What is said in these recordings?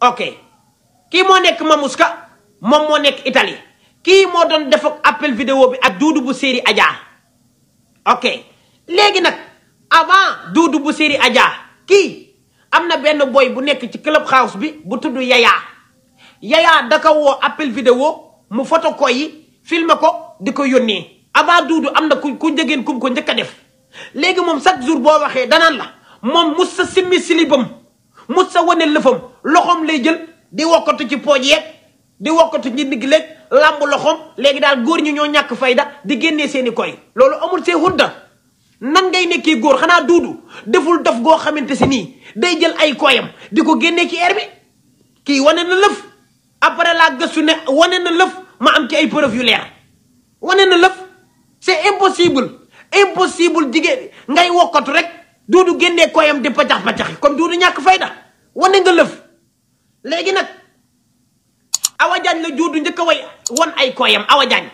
ok kii moo ma Mamouska mon mon nekk Italie qui m'a donné def appel vidéo à ak Doudou bu Adja ok léegi avant Doudou bu Adja kii Amna na boy bu nek ci club house bi bu tuddu Yaya Yaya da ko appel vidéo mu photo ko yi filmer ko diko ko avant Doudou amna ku ku kum ko njëkk def léegi mom chaque jour bo danan la mom musa simi mu sa wane lëfam loxoom lay jël di wokkatu ci pooj yeeg di wokkatu ci ndigg léeg làmb loxoom léegi daal góor ñi ñoo ñàkk fayda di génnee seeni koy loolu amul see da nan ngay nekkee góor xanaa duudu deful dof goo xamante si nii day jël ay koyam di ko génnee ci air bi kii wane na lëf après la gëstu ne wane na lëf ma am ci ay preuve yu leer wane na lëf c'est impossible impossible jigéen ngay wokkatu rek duudu génnee koyam di pacax pacax comme duudu ñàkk fayda wane nga lëf léegi nag Awa Diagne la joodu njëkk a way won ay koyam Awa Diagne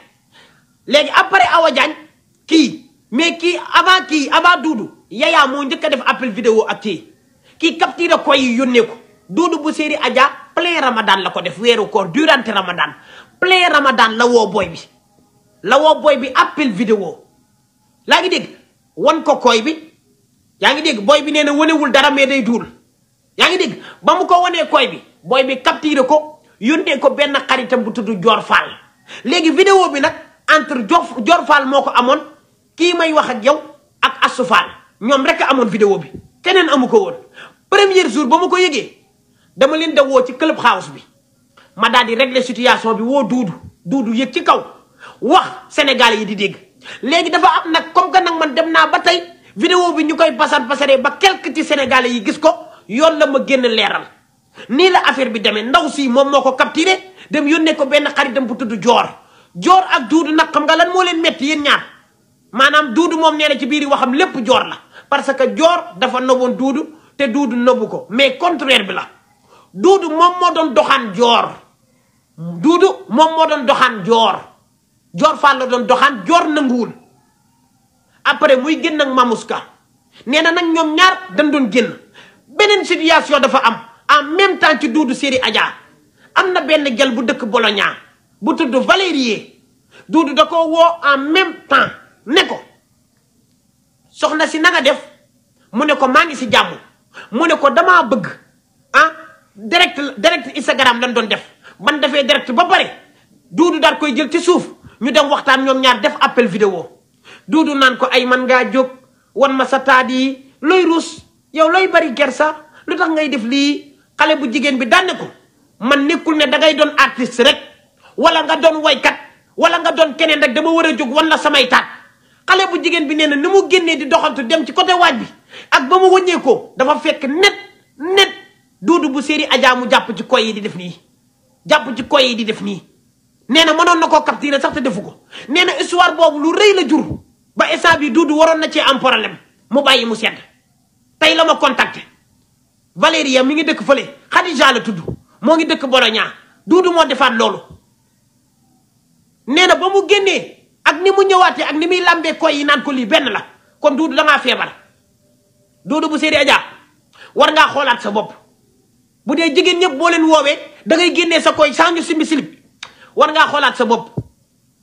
léegi après Awa Diagne kii mais kii avant kii avant Doudou Yaya moo njëkk a def appel vidéo ak kii kii capturé koy yi yónnee ko Doudou bu séeri Adja plein Ramadan la ko def weeru koor durante Ramadan plein Ramadan la woo booy bi la woo booy bi appel vidéo laa ngi dégg won ko koy bi yaa ngi dégg booy bi nee na wanewul dara mais day duul yaa ngi dégg ba mu ko wanee koy bi booy bi capturé ko yónnee ko benn xaritam bu tudd Dior Fall léegi vidéo bi nag entre Dior Fall moo ko amoon kii may wax ak yow ak Assou Fall ñoom rekk amoon vidéo bi keneen amu ko woon premier jour ba ma ko yëgee dama leen dawoo ci club house bi ma daal di régler situation bi woo duudu duudu yëg ci kaw wax Sénégal yi di dégg léegi dafa am nag comme que nag man dem naa ba tey vidéo bi ñu koy basar basaree ba quelque ci Sénégalais yi gis ko yoon la ma génn leeral nii la affaire bi demee ndaw si moom moo ko dem yónnee ko benn xaritam bu tudd joor joor ak duudu nag xam nga lan moo leen métti yéen ñaar maanaam duudu moom nee ci biir waxam lépp joor la parce que joor dafa nobon duudu te dudu nobu ko mais contraire bi la duudu moom moo doon doxaan joor duudu moom moo doon doxaan joor joor Fall la doon doxaan joor nanguwul après muy génn ak mamuska nee na nag ñaar dañ doon génn benen situation dafa am en même temps ci Doudou Seri Adja amna na benn gel bu dëkk Bologna bu tuddou Valérie Doudou dako wo en même temps neko soxna si naga def mu ne ko maa si jàmm ko ah direct direct Instagram lañ doon def man defee direct ba bari Doudou dar koy jël ci souf ñu dem waxtaan ñom ñaar def appel vidéo Doudou nan ko ay man nga jog wan ma sa tadi loy yow loy bari gersa lutax ngay def li xale bu jigen bi dànn ko man nekul ne don artiste rek wala nga way walangga wala nga don kenen rek dama wara jog wala samay taat xale bu jigen bi numu di doxantu dem ci côté waj bi ak bamu mu ko dafa fekk net net dudu bu seri Adja japp ci koy yi di def ni japp ci koy yi di def nii nee na mënoon na sax te defugo histoire bobu lu reey la jur ba instant bi dudu waron na ci am problème mu bayyi mu sedd tay lama ma contacté Valéria ya mi ngi dëkk feulé Khadija la tuddu mo ngi dëkk Bologna dudu mo defat lolu néna na ba mu génnee ak ni mu ñëwaaté ak ni mi lambé koy yi nan ko li ben la kon dudu da nga fébar dudu bu séri aja war nga xolaat sa bop bu dé jigen ñëpp bo leen woowee da ngay génné sa koy sans simbi silip war nga xolaat sa bop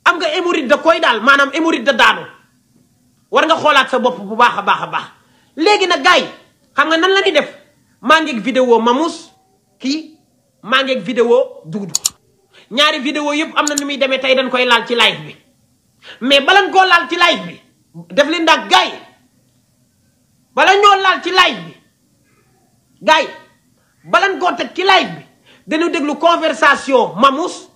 am nga hémorroïde da koy dal manam hémorroïde da daanu war nga xolaat sa bop bu baaxa baaxa baax léegi nak gay xam nga nan la di def mangi ak vidéo mamous ki mangi ak vidéo Doudou ñaari vidéo yep amna na démé tay dañ koy laal ci live bi mais balan go laal ci live bi def li ndak gay balan ñoo laal ci live bi gay balan go tek ci live bi dañu déglu conversation mamous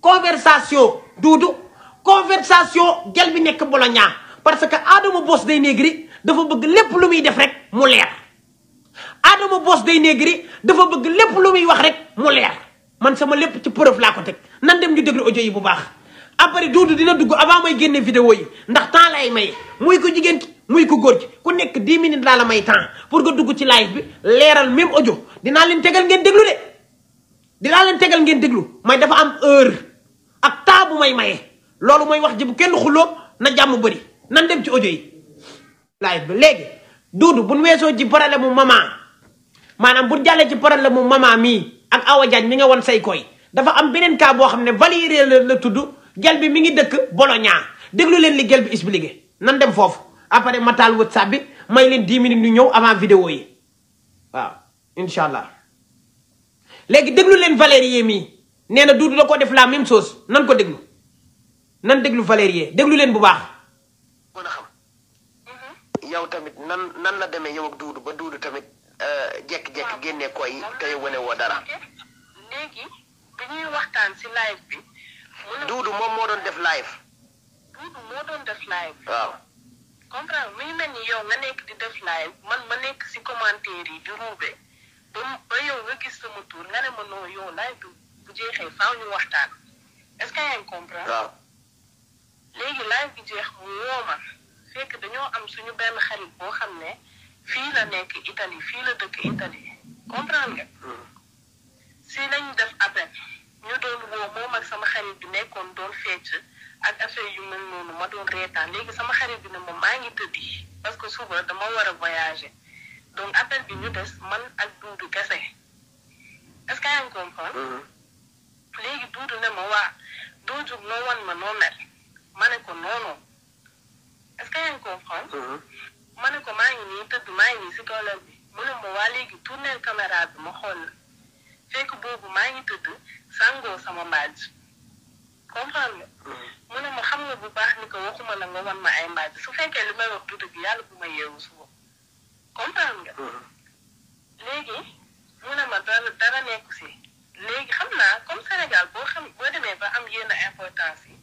conversation Doudou conversation gel bi nek bolonya parce que adamu Boss day négri dafa bëgg lépp lu muy def rek mu leer boos day Dey Negri dafa bëgg lépp lu muy wax rek mu leer man sama lépp ci preuve laa ko teg nan dem ñu déglu ojo yi bu baax après Doudou dina dugg avant may génne vidéo yi ndax temps laay may muy ko jigéen ki muy ko góor ki ku nekk 10 minutes laa la may temps pour nga dugg ci live bi leeral même ojo dinaa leen tegal ngeen déglu de dinaa leen tegal ngeen déglu may dafa am heure ak temps bu may maye loolu mooy wax ji bu kenn xuloo na jàmm bëri nan dem ci audio yi live bi léegi duudu bu nu weesoo ci problème mu maman maanaam bu jàllee ci problème mu maman mii ak Awa Diagne mi nga won say koy dafa am beneen cas boo xam ne Valérie la la tudd gel bi mi ngi dëkk Bologna déglu leen li gel bi expliqué nan dem foofu après ma taal whatsapp bi may leen 10 minutes ñu ñëw avant vidéo yi waaw incha allah léegi déglu leen Valérie mii nee na duudu da ko def la même soos nan ko déglu nan déglu Valérie déglu leen bu baax. yow tamit nan nan la demee yow ak duudu ba duudu tamit euh, jekk-jekk génne ko te tey wane woo dara. léegi bi ñuy waxtaan si live bi. duudu moom moo doon def live. duudu doon def live. waaw. comprendre muy mel ni yow nga nekk di def live man ma nekk si commentaire yi di ruube ba ba yow nga gis sama tur nga ne ma noo yow live bi bu jeexee faaw ñu waxtaan est-ce que yaa comprendre. léegi live bi jeex mu woo fekk dañoo am suñu benn xarit boo xam ne fii la nekk Italie fii la dëkk Italie comprendre nga. Mm-hmm. si lañ def appel ñu doon woo moom ak sama xarit bi nekkoon doon fecc ak affaire yu mel noonu ma doon reetaan léegi sama xarit bi ne moom maa ngi tëddi parce que suba dama war a voyager donc appel bi ñu des man ak duudu kese est-ce que yaa ngi mm-hmm. léegi duudu ne ma waa doo jóg noo ma noo ma ne ko noonu. est que yaa comprendre. Mm-hmm. ma ne ko maa ngi nii tëdd maa ngi nii si kaw lal bi mu ne ma waa léegi tourneel caméra bi ma xool fekk boobu maa ngi tëdd sangoo sama mbaaj comprendre nga. Mm-hmm. mu ne ma xam nga bu baax ni ko waxuma la nga wan ay mbaaj su fekkee li may wax du dëgg yàlla bu ma yeewu suba comprendre nga. Mm-hmm. léegi mu ne ma dara dara nekku si léegi xam naa comme Sénégal boo xam boo demee ba am yenn importance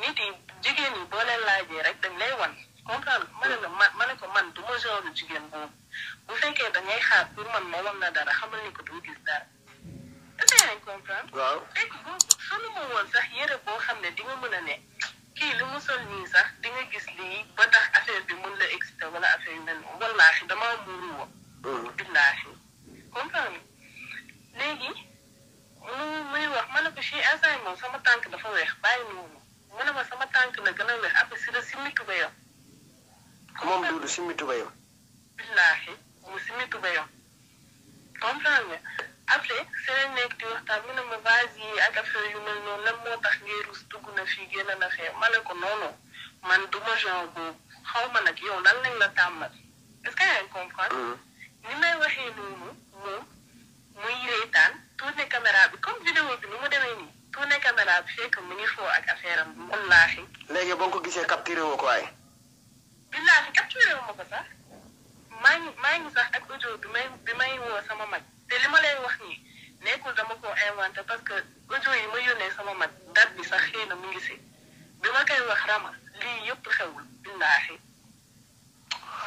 nit yi jigéen yi boo leen laajee rek dañ lay wan comprendre ma la ma ne ko man du ma genre jigéen boobu bu fekkee da ngay xaar pour man ma wan na dara xamal ni ko du gis dara. dafay nañ comprendre. waaw fekk boo solu ma woon sax yére boo xam ne di nga mën a ne kii li mu sol nii sax di nga gis lii ba tax affaire bi mun la excité wala affaire yu mel noonu wallaahi damaa muuru woon. Mm. billaahi comprendre léegi mu muy wax ma ne ko fii instant moom sama tànk dafa weex bàyyi noonu. munuma sama tànk la gën a weex après si la simmi tubéyam moom Doudou simmi tubéyam billaahi mu simmi tubéyam comprendre nga après si lañ nekk di waxtaan mu ne ma vase yi ak affaire yu mel noonu lan moo tax ngay rus dugg na fii génn na fee ma ne ko noonu man duma genre boobu xaw ma yow lan lañ la est-ce que yaa ngi mm. ni may waxee noonu moom muy reetaan tourné caméra bi comme vidéo bi nu mu demee nii tourné caméra bi fekk mu ngi foo ak affaire am wallaahi. léegi boo ko gisee capturé woo ko waay. billaahi capturé wu ma ko sax maa ngi maa ngi sax ak audio bi may bi may woo sama mag te li ma lay wax nii nekkul dama ko inventé parce que audio yi ma yónnee sama mag date bi sax xëy na mu ngi si bi ma koy wax rama lii yëpp xewul billaahi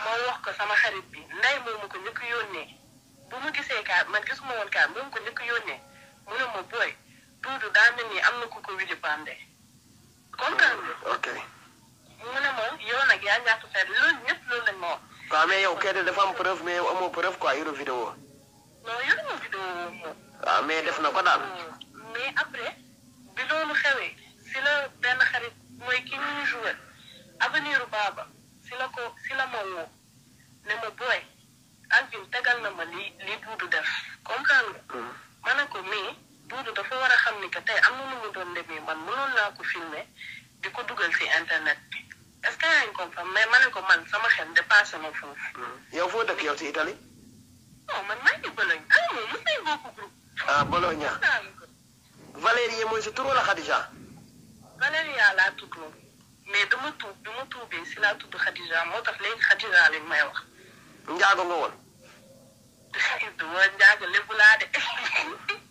moo wax ko sama xarit bi nday ma ko njëkk yónnee bu mu gisee kaa man gisuma woon kaar moomu ko njëkk yónnee mu ne duudu daa ni am na ku ko wili bande. comprendre nga. ok mu ne ma yow nag yaa ñàkk fay loolu ñëpp loolu lañ ma wax. waaw mais yow kay dafa preuve mais yow amoo preuve quoi yoroo vidéo. non yoruma vidéo moom. waaw ah, mais def na ko daal. mais après bi loolu xewee si la benn xarit mooy ki ñuy joué avenir baaba si la ko si la ma woo ne ma booy Alvin tegal na ma lii lii duudu def. kooku dafa war a xam ni que tey am na lu mu doon demee man mënoon naa ko filmer di ko dugal si internet bi est-ce que yaa ngi comprendre mais ma ne ko man sama xel dépassé na foofu. Hmm. yow foo dëkk yow si Italie. non man maa ngi a ah moom mos nañ bokk groupe. ah Bologne Valérie mooy sa tur wala Khadija. Valérie laa tudd mais dama tuub bi ma si laa tudd Khadija moo tax léegi Khadija li may wax. njaago nga woon. du ma njaago lébu laa de.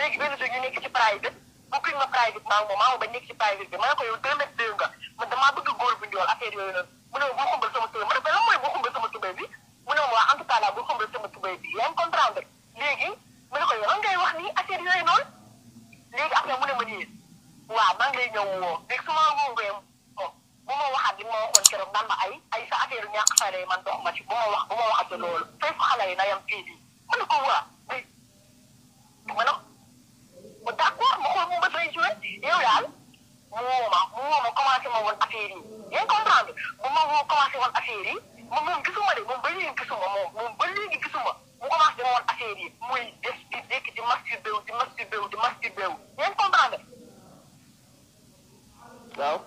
léegi benn jour ñu nekk ci private bokkuñ ma private maa ngi moom maa ngi ba nekk ci private maa ngi ko yow deux mètres deux nga man damaa bëgg góor bu njool affaire yooyu noonu mu ne ma boo xumbal sama tubéy ma ne ko lan mooy boo xumbal sama mu ne ma waa en tout cas daal boo xumbal sama tubéy bi yaa ko yow lan wax nii affaire yooyu noonu léegi après mu ne ma nii waaw maa ngi woo léegi su ma woowee bu ma waxaat li ma waxoon keroog naan ma ay ay sa affaire ñàkk fayday man dox ma ci ma wax bu ma waxate loolu fay fa xale na yam d' accord ma xool mu bët lay joué yow daal mu woo ma mu woo ma commencé ma woon affaire yi yaa ngi comprendre bu ma woo commencé woon affaire yi moom moom gisuma de moom ba léegi gisuma moom moom ba léegi gisuma mu commencé ma woon affaire yi muy des di dëkk di masturbé d di masturbé wu di masturbé o yaa ngi comprendre waaw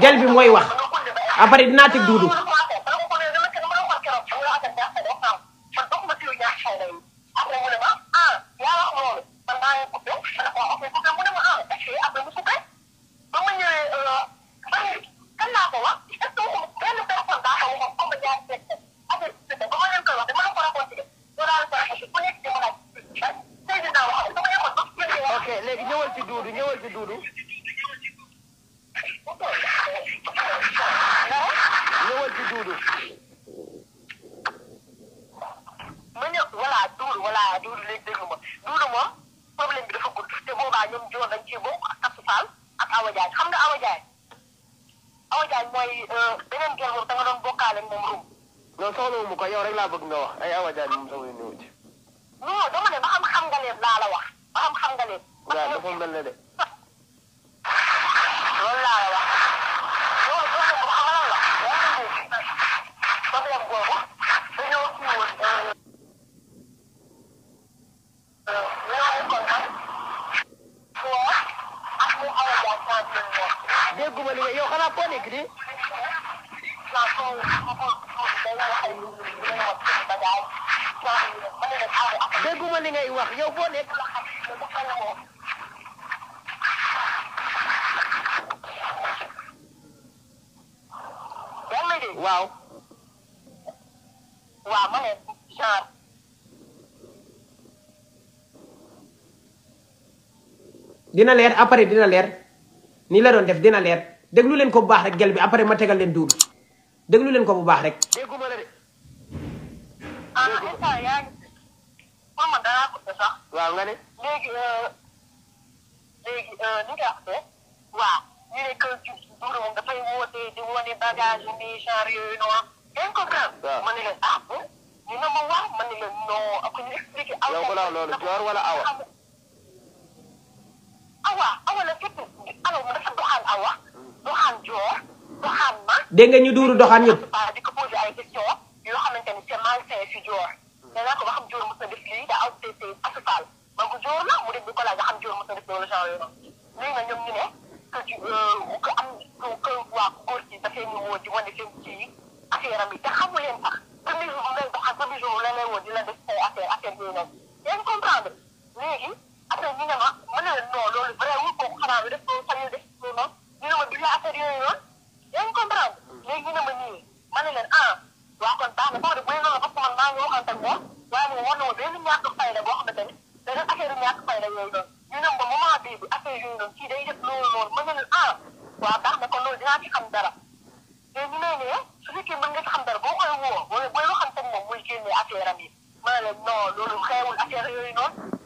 gel bi mooy wax après dinaa teg duudu voilà duudu léegi déglu ma duudu moom problème bi dafa gudd te boobaa ñoom joon dañ ciy bokk ak Tassou Fall ak Awa Diagne xam nga Awa Diagne Awa Diagne mooy euh, beneen gel moom da nga doon bokkaale moom rum non soxlawu mu ko yow rek laa bëgg nga wax ay Awa Diagne moom sama yoon ñëwu ci non dama ne ba xam xam nga leen laa la wax ba xam xam nga leen waaw dafa mel ne de loolu laa la wax dégguma yow li ngay wax yow dina leer dia dina leer. nii la doon def dina leer déglu leen ko bu baax rek gel bi après ma tegal leen duudu déglu leen ko bu baax rek. Ah, waaw nga léegi euh, léegi ni euh, nga wax de waaw ñu ne que moom dafay woote di wane bagage bi genre yooyu noonu. ngeen comprendre. waaw ma leen ah bon ñu ne ma waaw ma leen non. ak ñu expliqué. aw loolu Dior wala Awa. dégg nga ñu duuru doxaan yëpp di ko posé ay question yoo xamante ni c'est malsain si joor nee naa ko ba xam joor mos def lii daa aw tey tey asfaal man ko joor la mu dem di ko xam joor mos na def loolu genre yooyu léegi nag ñoom ñu ne que ci que am que waa góor ci dafay ñu woo di wane seen ci affaire am yi te xamu sax premier jour mu leen doxaan jour la lay woo di la def say affaire affaire No, no, no no.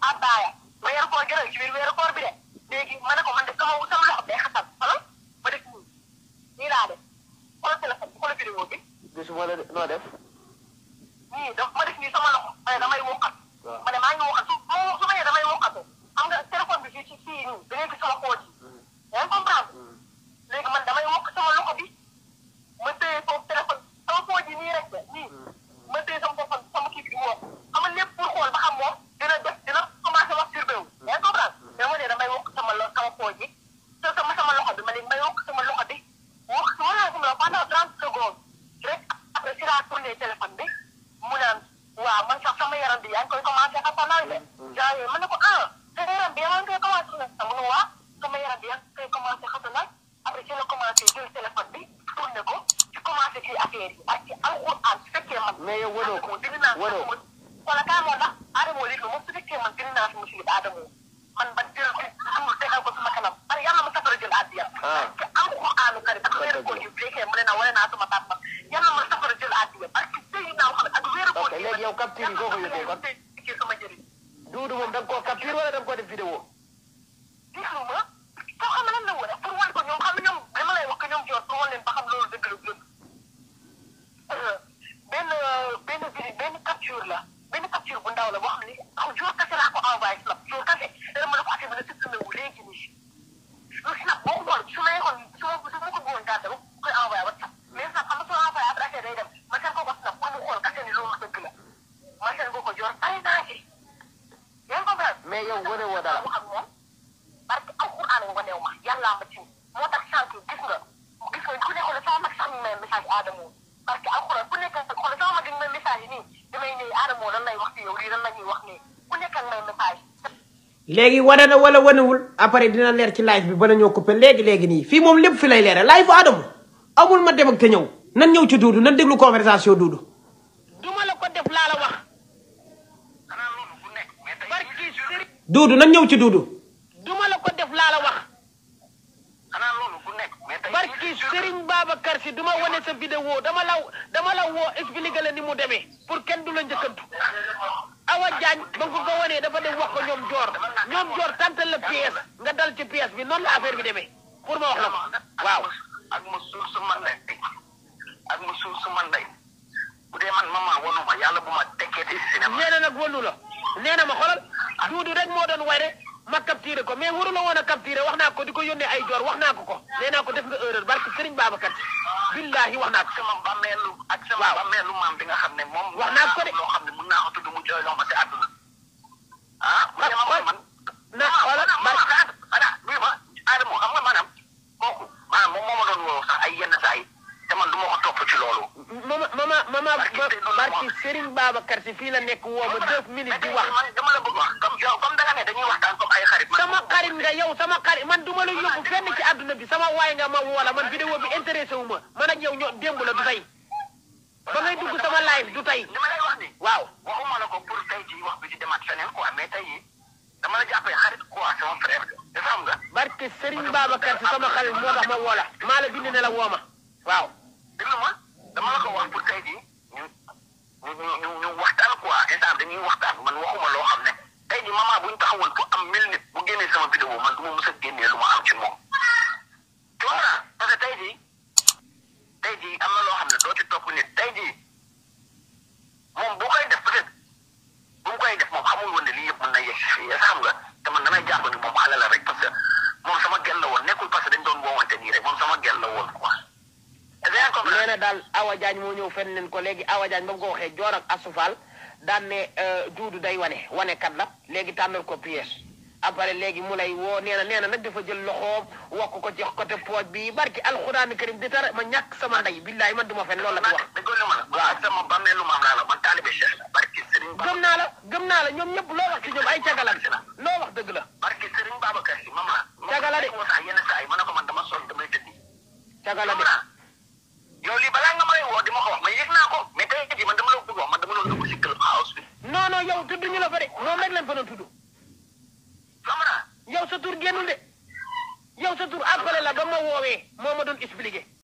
abbaaya weeru koor gën a ci biir koor bi de léegi ma ne ko man de sama sama loxo day xasal xolal ma def nii nii laa def xoolal téléphone bi xoolal vidéo bi. gisuma la noo def. nii donc ma def nii sama loxo ma ne damay woqat. ma ne maa ngi woqat su ma su ma nee damay woqatoo xam nga téléphone bi fii ci fii nii da ngay gis sama xool yi. Mm. yaa ngi comprendre mm. léegi man damay jotee mu ne naa wala naa sama papa yàlla ma safara jël àddiya parce que tey naa wax ak wéeru. ok léegi yow capture yi foo ko yóbbee kon. mais yow wane woo dara. wax ak moom barke alxuraan wane wu moo tax sànq gis nga gis nga ku ne xoolal sama mag sax mu may message Adamo parce damay ne Adamo lan lay wax ci yow lii wax nii ku nekk ak léegi wane na wala wanewul après dina leer ci live bi bala ñoo coupé léegi léegi nii fii moom lépp fi lay leeral live bu Adamo amul ma dem ak te ñëw nan ñëw ci Duudu nan déglu conversation Duudu. duudu nan ñëw ci duudu. du ma la ko def laa la wax. xanaa loolu bu nekk. mais tey barki Serigne Babacar si du ma wane sa vidéo dama la dama la woo expliqué la ni mu demee pour kenn du la njëkkantu. Awa a ba nga ko wanee dafa dem wax ko ñoom joor ñoom joor tantal la pièce nga dal ci pièce bi noon la affaire bi demee pour ma wax la waaw. ak ma suuf su man lay ak ma suuf man lay bu dee man maman wanu yàlla bu ma na nag wanu la. nee na ma xoolal duudu rek moo doon way rek ma capturé ko mais warula woon a capturé wax naa ko di ko yónnee ay joor wax naa ko ko nee ko def nga erreur barke Serigne Babacar billahi wax naa ko. sama bàmmeelu ak sama nga xam ne moom. wax naa ko de ne mën naa ko Serigne Babacar si fii la nekk woo ma deux minutes di wax. man dama la bëgg wax comme yow comme danga ne sama xarit nga yow sama xarit man du ma la yóbbu fenn ci àdduna bi sama waay nga ma woola man vidéo bi intéressé wu ma man ak yow ñoo démb la du tey ba ngay dugg sama live du tey. li ma lay wax nii. waaw waxuma la ko pour tey jii wax bi di demaat feneen quoi mais tey dama la jàppee xarit quoi sama frère nga xam nga. barke Serigne Babacar si sama xarit moo tax ma woola maa la bind ne la wooma waaw. dégg nga ma dama la ko pour tey ñu ñu ñu waxtaan quoi instant dañuy waxtaan man waxuma loo xam ne tey jii bu ñu taxawoon fu am mille nit bu génnee sama vidéo man du ma mës a génnee lu ma am ci moom. tu vois parce que tey jii tey jii am na loo xam ne doo ci topp nit tey jii moom bu koy def peut être bu mu koy def moom xamul woon ne lii yëpp mën na yegg fii yéen xam nga te man damay jàpp ni moom xale la rek parce moom sama gel la woon nekkul parce que dañ doon woowante nii rek moom sama gel la woon nee na daal Awa Diagne moo ñëw fen leen ko léegi Awa Diagne ba mu ko waxee joor ak asufal daan ne duudu day wane wane kat la léegi tànnal ko pièce après léegi mu lay woo nee na nee na nag dafa jël loxoom wokk ko ci côté pooj bi barki alxuraan karim di tara ma ñàkk sama ndey billaay man du ma fen loolu la fi wax. waaw sama bàmmeelu maam laa la man taalibe Cheikh la barki Serigne gëm naa la gëm naa la ñoom ñëpp loo wax ci ñoom ay cagalan loo wax dëgg la. barki Serigne Babacar Si maam la. cagala de. cagala de. yow lii balaa nga may woo di ma ko wax man yëg naa ko mais tey jii man dama la ko bëgg wax man dama doon dugg si club house bi. non non yow tudd ñu la fa de moom rek lañ fa doon tudd. Famara. yow sa tur génnul de yow sa tur appelé la ba ma woowee moo ma doon expliqué.